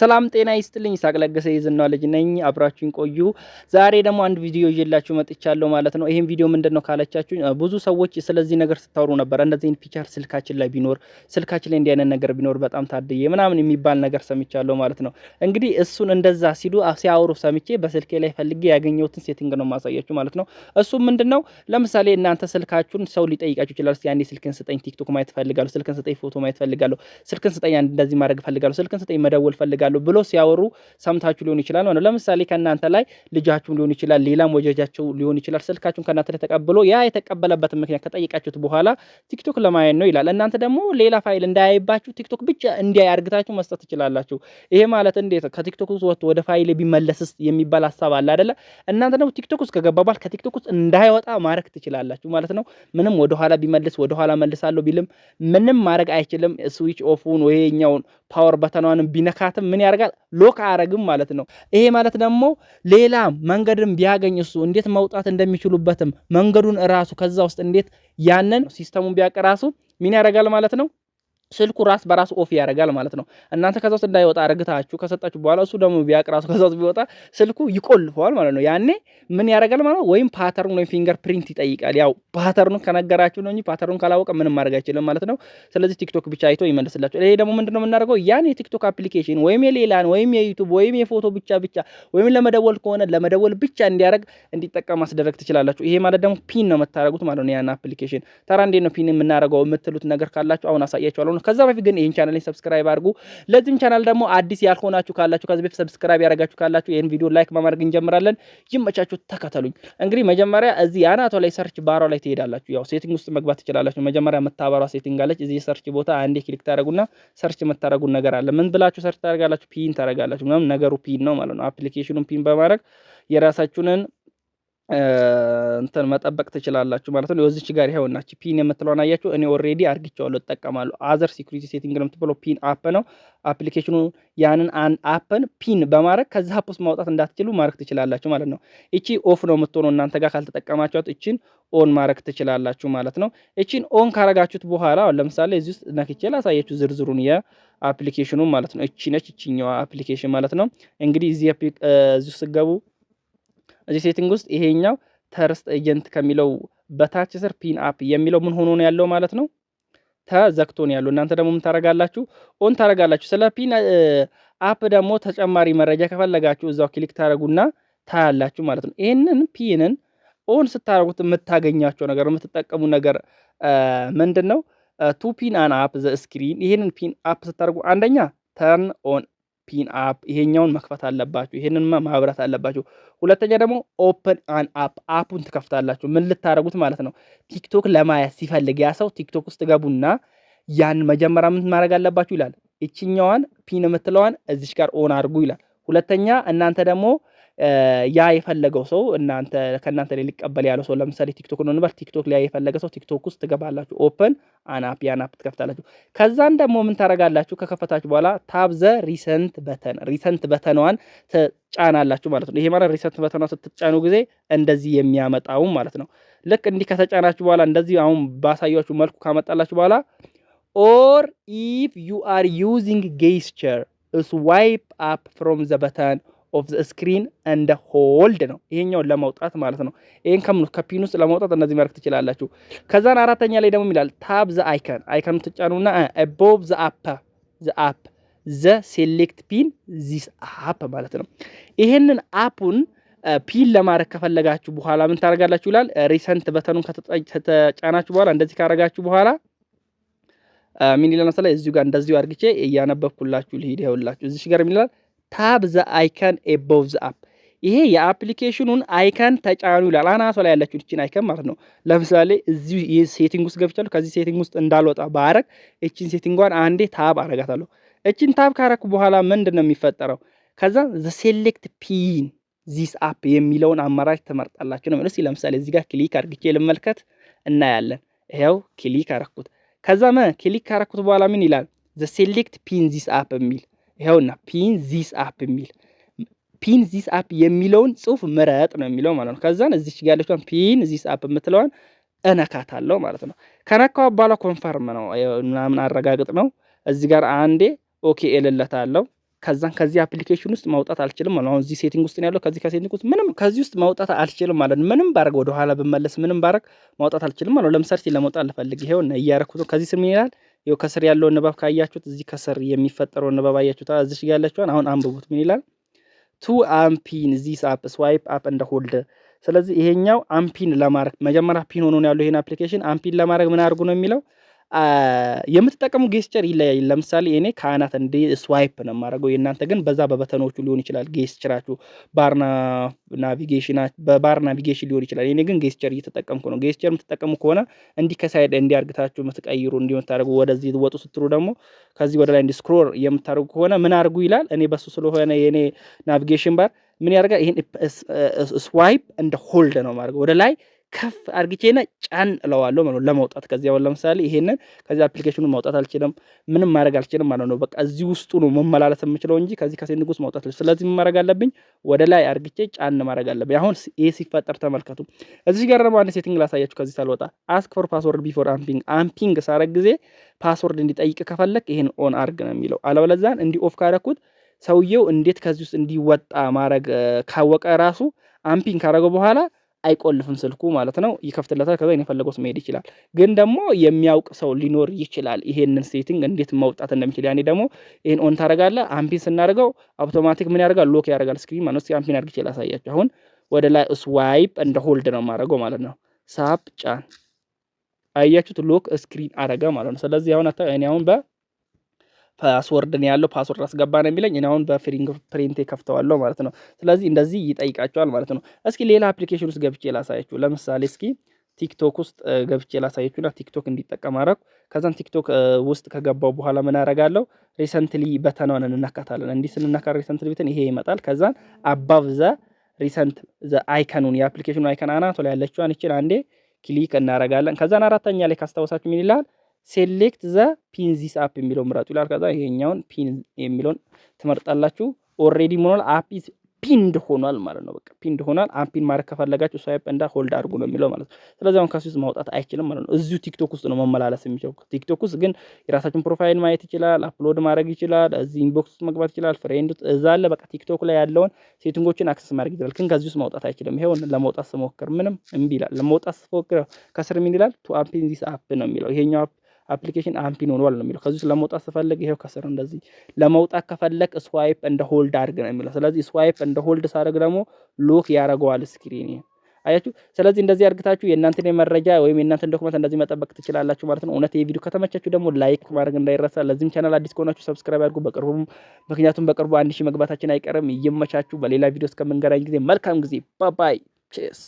ሰላም ጤና ይስጥልኝ። ይስሐቅ ለገሰ የዝናው ልጅ ነኝ። አብራችሁኝ ቆዩ። ዛሬ ደግሞ አንድ ቪዲዮ ይዤላችሁ መጥቻለሁ ማለት ነው። ይሄን ቪዲዮ ምንድን ነው ካላቻችሁ ብዙ ሰዎች ስለዚህ ነገር ስታወሩ ነበር። እንደዚህን ፊቸር ስልካችን ላይ ቢኖር ስልካችን ላይ እንዲህ ነገር ቢኖር በጣም ታድዬ ምናምን የሚባል ነገር ሰምቻለሁ ማለት ነው። እንግዲህ እሱን እንደዛ ሲሉ ሲያወሩ ሰምቼ በስልኬ ላይ ፈልጌ ያገኘሁትን ሴቲንግ ነው ማሳያችሁ ማለት ነው። እሱ ምንድን ነው ለምሳሌ እናንተ ስልካችሁን ሰው ሊጠይቃችሁ ይችላል። ያኔ ስልክን ስጠኝ ቲክቶክ ማየት ፈልጋለሁ፣ ስልክን ስጠኝ ፎቶ ማየት ፈልጋለሁ፣ ስልክን ስጠኝ እንደዚህ ማድረግ ፈልጋለሁ፣ ስልክን ስጠኝ መደወል ፈልጋለሁ ፈልጋለሁ ብሎ ሲያወሩ ሰምታችሁ ሊሆን ይችላል ማለት ነው። ለምሳሌ ከእናንተ ላይ ልጃችሁም ሊሆን ይችላል፣ ሌላም ወጃጃቸው ሊሆን ይችላል፣ ስልካችሁም ከእናንተ ላይ ተቀብሎ ያ የተቀበለበትን ምክንያት ከጠየቃችሁት በኋላ ቲክቶክ ለማየት ነው ይላል። እናንተ ደግሞ ሌላ ፋይል እንዳያይባችሁ ቲክቶክ ብቻ እንዲያይ አርግታችሁ መስጠት ትችላላችሁ። ይሄ ማለት እንዴት ከቲክቶክ ውስጥ ወጥቶ ወደ ፋይል ቢመለስስ የሚባል ሀሳብ አለ አደለ እናንተ ደግሞ ቲክቶክ ውስጥ ከገባ በኋላ ከቲክቶክ ውስጥ እንዳይወጣ ማድረግ ትችላላችሁ ማለት ነው። ምንም ወደኋላ ቢመልስ ወደኋላ መልሳለሁ ቢልም ምንም ማድረግ አይችልም። ስዊች ኦፉን ወይ የኛውን ፓወር በተናንም ቢነካትም ምን ያደርጋል? ሎክ አረግም ማለት ነው። ይሄ ማለት ደግሞ ሌላ መንገድን ቢያገኝ እሱ እንዴት መውጣት እንደሚችሉበትም መንገዱን ራሱ ከዛ ውስጥ እንዴት ያንን ሲስተሙን ቢያቀራሱ ምን ያደርጋል ማለት ነው ስልኩ ራስ በራስ ኦፍ ያደርጋል ማለት ነው። እናንተ ከዛ ውስጥ እንዳይወጣ አረግታችሁ ከሰጣችሁ በኋላ እሱ ደግሞ ቢያቅ ራሱ ከዛ ውስጥ ቢወጣ ስልኩ ይቆልፈዋል ማለት ነው። ያኔ ምን ያደርጋል ማለት ነው? ወይም ፓተርን ወይም ፊንገር ፕሪንት ይጠይቃል። ያው ፓተርኑን ከነገራችሁ ነው እንጂ ፓተርኑን ካላወቀ ምንም ማድረግ አይችልም ማለት ነው። ስለዚህ ቲክቶክ ብቻ አይቶ ይመልስላችሁ። ይሄ ደግሞ ምንድነው የምናደርገው? ያን የቲክቶክ አፕሊኬሽን ወይም የሌላን ወይም የዩቱብ ወይም የፎቶ ብቻ ብቻ ወይም ለመደወል ከሆነ ለመደወል ብቻ እንዲያደርግ እንዲጠቀም ማስደረግ ትችላላችሁ። ይሄ ማለት ደግሞ ፒን ነው የምታደርጉት ማለት ነው። ያን አፕሊኬሽን ተራ እንዴት ነው ፒን የምናደርገው የምትሉት ነገር ካላችሁ አሁን አሳያችኋለሁ። ነው። ከዛ በፊት ግን ይህን ቻናል ሰብስክራይብ አድርጉ። ለዚህም ቻናል ደግሞ አዲስ ያልሆናችሁ ካላችሁ ከዚህ በፊት ሰብስክራይብ ያደረጋችሁ ካላችሁ ይህን ቪዲዮ ላይክ በማድረግ እንጀምራለን። ይመቻችሁ፣ ተከተሉኝ። እንግዲህ መጀመሪያ እዚህ አናቷ ላይ ሰርች ባሯ ላይ ትሄዳላችሁ። ያው ሴቲንግ ውስጥ መግባት ትችላላችሁ። መጀመሪያ የምታበሯ ሴቲንግ አለች። እዚህ ሰርች ቦታ አንዴ ክሊክ ታደረጉና ሰርች የምታደረጉን ነገር አለ። ምን ብላችሁ ሰርች ታደረጋላችሁ? ፒን ታደረጋላችሁ። ምናምን ነገሩ ፒን ነው ማለት ነው። አፕሊኬሽኑን ፒን በማድረግ የራሳችሁንን እንትን መጠበቅ ትችላላችሁ ማለት ነው። የወዝች ጋር ይሄው ይሄውናችሁ ፒን የምትለውን አያችሁ። እኔ ኦሬዲ አርግቼዋለሁ እጠቀማለሁ። አዘር ሴኩሪቲ ሴቲንግ ነው የምትብለው ፒን አፕ ነው አፕሊኬሽኑ። ያንን አን አፕን ፒን በማድረግ ከዛ አፕ ውስጥ ማውጣት እንዳትችሉ ማድረግ ትችላላችሁ ማለት ነው። እቺ ኦፍ ነው የምትሆነው እናንተ ጋር ካልተጠቀማችኋት፣ እቺን ኦን ማድረግ ትችላላችሁ ማለት ነው። እቺን ኦን ካረጋችሁት በኋላ ለምሳሌ እዚህ ውስጥ ነክቼ ላሳያችሁ ዝርዝሩን የአፕሊኬሽኑ ማለት ነው። እቺ ነች እቺኛዋ አፕሊኬሽን ማለት ነው። እንግዲህ እዚህ ስገቡ እዚህ ሴቲንግ ውስጥ ይሄኛው ተርስት ኤጀንት ከሚለው በታች ስር ፒን አፕ የሚለው ምን ሆኖ ነው ያለው ማለት ነው ተዘግቶ ነው ያለው። እናንተ ደግሞ ምን ታረጋላችሁ? ኦን ታረጋላችሁ። ስለ ፒን አፕ ደግሞ ተጨማሪ መረጃ ከፈለጋችሁ እዛው ክሊክ ታረጉና ታያላችሁ ማለት ነው። ይህንን ፒንን ኦን ስታረጉት የምታገኛቸው ነገር የምትጠቀሙ ነገር ምንድን ነው? ቱ ፒን አን አፕ ዘ ስክሪን። ይህንን ፒን አፕ ስታደርጉ አንደኛ ተርን ኦን ፒን አፕ ይሄኛውን መክፈት አለባችሁ። ይሄንን ማብራት አለባችሁ። ሁለተኛ ደግሞ ኦፕን አን አፕ አፑን ትከፍታላችሁ። ምን ልታደረጉት ማለት ነው? ቲክቶክ ለማየት ሲፈልግ ያ ሰው ቲክቶክ ውስጥ ገቡና ያን መጀመሪያ ምን ማድረግ አለባችሁ ይላል። ይችኛዋን ፒን የምትለዋን እዚች ጋር ኦን አድርጉ ይላል። ሁለተኛ እናንተ ደግሞ ያ የፈለገው ሰው እናንተ ከእናንተ ላይ ሊቀበል ያለው ሰው ለምሳሌ ቲክቶክ ነው እንበል። ቲክቶክ ላይ የፈለገ ሰው ቲክቶክ ውስጥ ትገባላችሁ። ኦፕን አናፕ ያናፕ ትከፍታላችሁ። ከዛን ደግሞ ምን ታረጋላችሁ? ከከፈታችሁ በኋላ ታብዘ ሪሰንት በተን ሪሰንት በተኗን ትጫናላችሁ ማለት ነው። ይሄ ማለት ሪሰንት በተኗ ስትጫኑ ጊዜ እንደዚህ የሚያመጣው ማለት ነው። ልክ እንዲህ ከተጫናችሁ በኋላ እንደዚህ አሁን ባሳያችሁ መልኩ ካመጣላችሁ በኋላ ኦር ኢፍ ዩ አር ዩዚንግ ጌስቸር ስዋይፕ አፕ ፍሮም ዘ በተን ኦፍ ዘ ስክሪን እንደ ሆልድ ነው። ይሄኛውን ለመውጣት ማለት ነው። ይሄን ከምኑ ከፒን ውስጥ ለመውጣት እነዚህ መርክ ትችላላችሁ። ከዛን አራተኛ ላይ ደግሞ ይላል ታብ ዘ አይከን አይከን ትጫኑና አቦቭ ዘ አፕ ዘ አፕ ዘ ሴሌክት ፒን ዚስ አፕ ማለት ነው። ይሄንን አፑን ፒን ለማድረግ ከፈለጋችሁ በኋላ ምን ታደርጋላችሁ ይላል። ሪሰንት በተኑን ከተጫናችሁ በኋላ እንደዚህ ካደረጋችሁ በኋላ ምን ይላል መሰለኝ እዚሁ ጋር እንደዚሁ አድርግቼ እያነበብኩላችሁ ልሂድ። ይኸውላችሁ እዚህ ጋር ምን ይላል ታብ ዘ አይከን ኤቦቭ ዘ አፕ ይሄ የአፕሊኬሽኑን አይከን ተጫኑ ይላል። አናቷ ላይ ያለችው እችን አይከን ማለት ነው። ለምሳሌ እዚህ ሴቲንግ ውስጥ ገብቻለሁ። ከዚህ ሴቲንግ ውስጥ እንዳልወጣ ባረግ እችን ሴቲንጓን አንዴ ታብ አረጋታለሁ። እችን ታብ ካረኩ በኋላ ምንድን ነው የሚፈጠረው? ከዛ ዘ ሴሌክት ፒን ዚስ አፕ የሚለውን አማራጭ ትመርጣላችሁ ነው። እስኪ ለምሳሌ እዚህ ጋር ክሊክ አድርግቼ ልመልከት፣ እናያለን። ይኸው ክሊክ አረኩት። ከዛ ክሊክ ካረኩት በኋላ ምን ይላል? ዘ ሴሌክት ፒን ዚስ አፕ የሚል ይኸውና ፒን ዚስ አፕ የሚል ፒን ዚስ አፕ የሚለውን ጽሁፍ ምረጥ ነው የሚለው ማለት ነው። ከዛን እዚች ጋር ያለችዋን ፒን ዚስ አፕ የምትለዋን እነካታለሁ ማለት ነው። ከነካው በኋላ ኮንፈርም ነው ምናምን አረጋግጥ ነው። እዚህ ጋር አንዴ ኦኬ እልለታለሁ። ከዛን ከዚህ አፕሊኬሽን ውስጥ መውጣት አልችልም ማለት ነው። እዚህ ሴቲንግ ውስጥ ያለው ከዚህ ከሴቲንግ ውስጥ ምንም ከዚህ ውስጥ መውጣት አልችልም ማለት ነው። ምንም ባረግ ወደ ኋላ ብመለስ ምንም ባረግ መውጣት አልችልም ማለት ነው። ለምሳሌ ለመውጣት ልፈልግ ይሄው እያረኩት ከዚህ ስም ይላል ይኸው ከስር ያለውን ንባብ ካያችሁት እዚህ ከስር የሚፈጠረውን ንባብ አያችሁት። እዚህ ጋር ያለችዋን አሁን አንብቡት። ምን ይላል? ቱ አምፒን ዚስ አፕ ስዋይፕ አፕ እንደ ሆልድ። ስለዚህ ይሄኛው አምፒን ለማድረግ መጀመሪያ ፒን ሆኖ ነው ያለው። ይሄን አፕሊኬሽን አምፒን ለማድረግ ምን አድርጉ ነው የሚለው የምትጠቀሙ ጌስቸር ይለያይ። ለምሳሌ እኔ ከአናት እንደ ስዋይፕ ነው የማደርገው። የእናንተ ግን በዛ በበተኖቹ ሊሆን ይችላል ጌስቸራችሁ ባርና ናቪጌሽን በባር ናቪጌሽን ሊሆን ይችላል። እኔ ግን ጌስቸር እየተጠቀምኩ ነው። ጌስቸር የምትጠቀሙ ከሆነ እንዲህ ከሳይድ እንዲያርግታችሁ የምትቀይሩ እንዲሁ የምታደርጉ ወደዚህ ወጡ ስትሉ ደግሞ ከዚህ ወደ ላይ እንዲ ስክሮር የምታደርጉ ከሆነ ምን አድርጉ ይላል። እኔ በሱ ስለሆነ የእኔ ናቪጌሽን ባር ምን ያደርጋል? ይህን ስዋይፕ እንደ ሆልድ ነው ማድረገው ወደ ላይ ከፍ አርግቼና ጫን እለዋለሁ ማለት ለመውጣት። ከዚህ አሁን ለምሳሌ ይሄንን ከዚህ አፕሊኬሽኑን ማውጣት አልችልም፣ ምንም ማድረግ አልችልም ማለት ነው። በቃ እዚህ ውስጡ ነው መመላለስ የምችለው እንጂ ከዚህ ከሴቲንግ ውስጥ ማውጣት። ስለዚህ ምን ማድረግ አለብኝ? ወደ ላይ አርግቼ ጫን ማድረግ አለብኝ። አሁን ይሄ ሲፈጠር ተመልከቱ። እዚህ ጋር ደግሞ አንድ ሴቲንግ ላሳያችሁ ከዚህ ሳልወጣ። አስክ ፎር ፓስወርድ ቢፎር አምፒንግ አምፒንግ ሳረግ ጊዜ ፓስወርድ እንዲጠይቅ ከፈለክ ይሄን ኦን አርግ ነው የሚለው። አለበለዚያን እንዲህ ኦፍ ካረኩት ሰውየው እንዴት ከዚህ ውስጥ እንዲወጣ ማድረግ ካወቀ ራሱ አምፒንግ ካረገው በኋላ አይቆልፍም ስልኩ ማለት ነው። ይከፍትለታል። ከዛ የፈለገውት መሄድ ይችላል። ግን ደግሞ የሚያውቅ ሰው ሊኖር ይችላል ይሄንን ሴቲንግ እንዴት መውጣት እንደሚችል። ያኔ ደግሞ ይህን ኦን ታደርጋለህ። አምፒን ስናደርገው አውቶማቲክ ምን ያደርጋል? ሎክ ያደርጋል ስክሪን ማለት ነው። አምፒን አድርግ ይችላል። አሳያቸው። አሁን ወደ ላይ ስዋይፕ እንደ ሆልድ ነው የማደርገው ማለት ነው። ሳፕ ጫን አያችሁት? ሎክ ስክሪን አደረገ ማለት ነው። ስለዚህ አሁን አታ እኔ አሁን በ ፓስወርድ ነው ያለው ፓስወርድ አስገባ ነው የሚለኝ። እኔ አሁን በፊንገር ፕሪንት ከፍተዋለሁ ማለት ነው። ስለዚህ እንደዚህ ይጠይቃቸዋል ማለት ነው። እስኪ ሌላ አፕሊኬሽን ውስጥ ገብቼ ላሳያችሁ። ለምሳሌ እስኪ ቲክቶክ ውስጥ ገብቼ ላሳየችሁና ቲክቶክ እንዲጠቀም አረኩ። ከዛን ቲክቶክ ውስጥ ከገባው በኋላ ምን አደርጋለሁ? ሪሰንትሊ በተናውን እንነካታለን። እንዲህ ስንነካ ሪሰንትሊ በተን ይሄ ይመጣል። ከዛን አባብ ዘ ሪሰንት ዘ አይከኑን የአፕሊኬሽኑ አይከን አናቶ ላይ ያለችዋን ይችን አንዴ ክሊክ እናረጋለን። ከዛን አራተኛ ላይ ካስታወሳችሁ ምን ይላል? ሴሌክት ዘ ፒንዚስ አፕ የሚለው ምረጡ ይላል። ከዛ ይሄኛውን ፒን የሚለውን ትመርጣላችሁ። ኦሬዲ ሆኗል አፕ ፒንድ ሆኗል ማለት ነው። በቃ ፒንድ ሆኗል። አፒን ማድረግ ከፈለጋችሁ ስዋይፕ እንዳ ሆልድ አድርጉ ነው የሚለው ማለት ነው። ስለዚህ አሁን ከሱ ውስጥ ማውጣት አይችልም ማለት ነው። እዚሁ ቲክቶክ ውስጥ ነው መመላለስ የሚችለው። ቲክቶክ ውስጥ ግን የራሳችን ፕሮፋይል ማየት ይችላል፣ አፕሎድ ማድረግ ይችላል፣ እዚህ ኢንቦክስ ውስጥ መግባት ይችላል፣ ፍሬንድ እዛ አለ። በቃ ቲክቶክ ላይ ያለውን ሴቲንጎችን አክሰስ ማድረግ ይችላል። ግን ከዚህ ውስጥ ማውጣት አይችልም። ይሄውን ለመውጣት ስሞክር ምንም እምቢ ይላል። ለመውጣት ስሞክር ከስር ምን ይላል? ቱ አፕ ዚስ አፕ ነው የሚለው ይሄኛው አፕ አፕሊኬሽን አምፒን ሆኗል ነው የሚለው። ከዚህ ለመውጣት ስፈልግ ይሄው ከስር እንደዚህ ለመውጣት ከፈለግ ስዋይፕ እንደ ሆልድ አድርግ ነው የሚለው። ስለዚህ ስዋይፕ እንደ ሆልድ ሳደርግ ደግሞ ሎክ ያደርገዋል ስክሪን አያችሁ። ስለዚህ እንደዚህ አድርጋችሁ የእናንተን የመረጃ ወይም የእናንተን ዶክመንት እንደዚህ መጠበቅ ትችላላችሁ ማለት ነው። እውነት ቪዲዮ ከተመቻችሁ ደግሞ ላይክ ማድረግ እንዳይረሳ። ለዚህም ቻናል አዲስ ከሆናችሁ ሰብስክራይብ አድርጉ። በቅርቡ ምክንያቱም በቅርቡ አንድ ሺህ መግባታችን አይቀርም። ይመቻችሁ። በሌላ ቪዲዮ እስከምንገናኝ ጊዜ መልካም ጊዜ። ባባይ ቼስ